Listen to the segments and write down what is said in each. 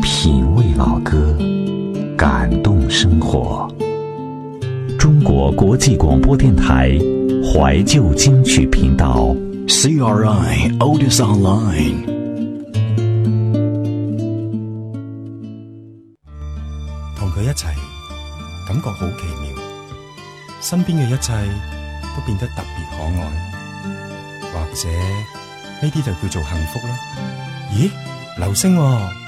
品味老歌，感動生活。中國國際廣播電台懷舊金曲頻道 CRI Oldies Online。同佢一齊，感覺好奇妙，身邊嘅一切都變得特別可愛，或者呢啲就叫做幸福啦。咦，流星喎！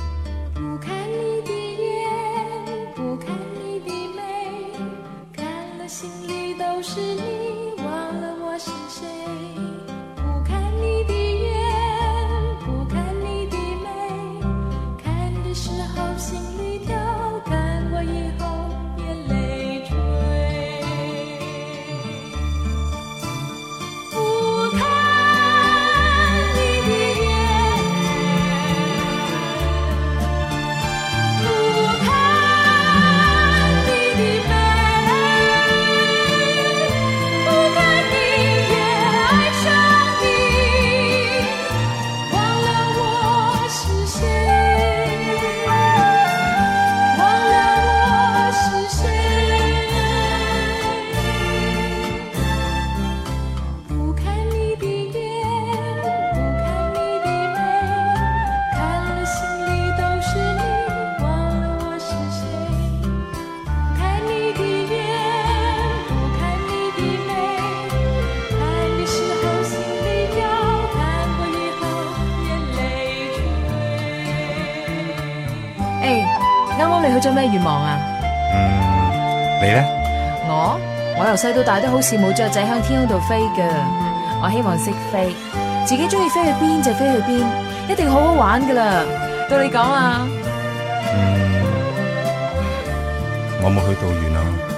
有咩願望啊？嗯、你咧？我，我由細到大都好羨慕雀仔向天空度飛嘅，我希望識飛，自己中意飛去邊就飛去邊，一定好好玩噶啦。到你講啊，嗯、我冇去到完啊。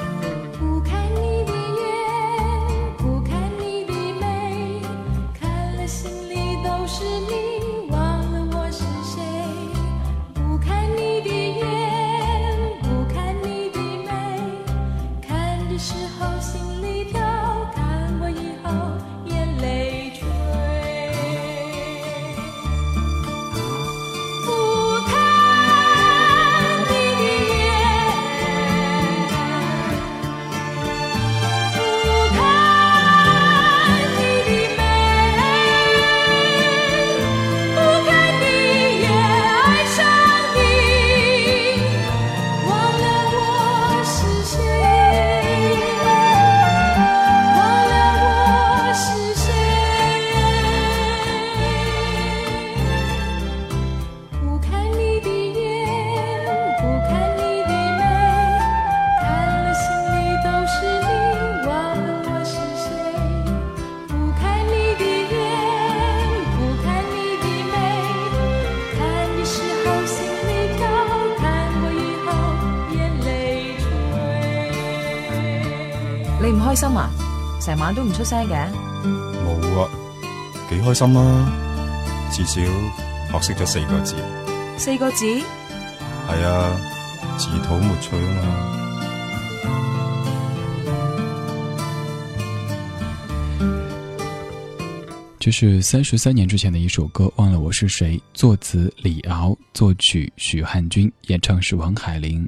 都唔出聲嘅，冇啊，幾開心啊！至少學識咗四個字，四個字，係啊，自討沒趣啊嘛。這是三十三年之前的一首歌，《忘了我是誰》，作詞李敖，作曲許漢君，演唱是王海玲。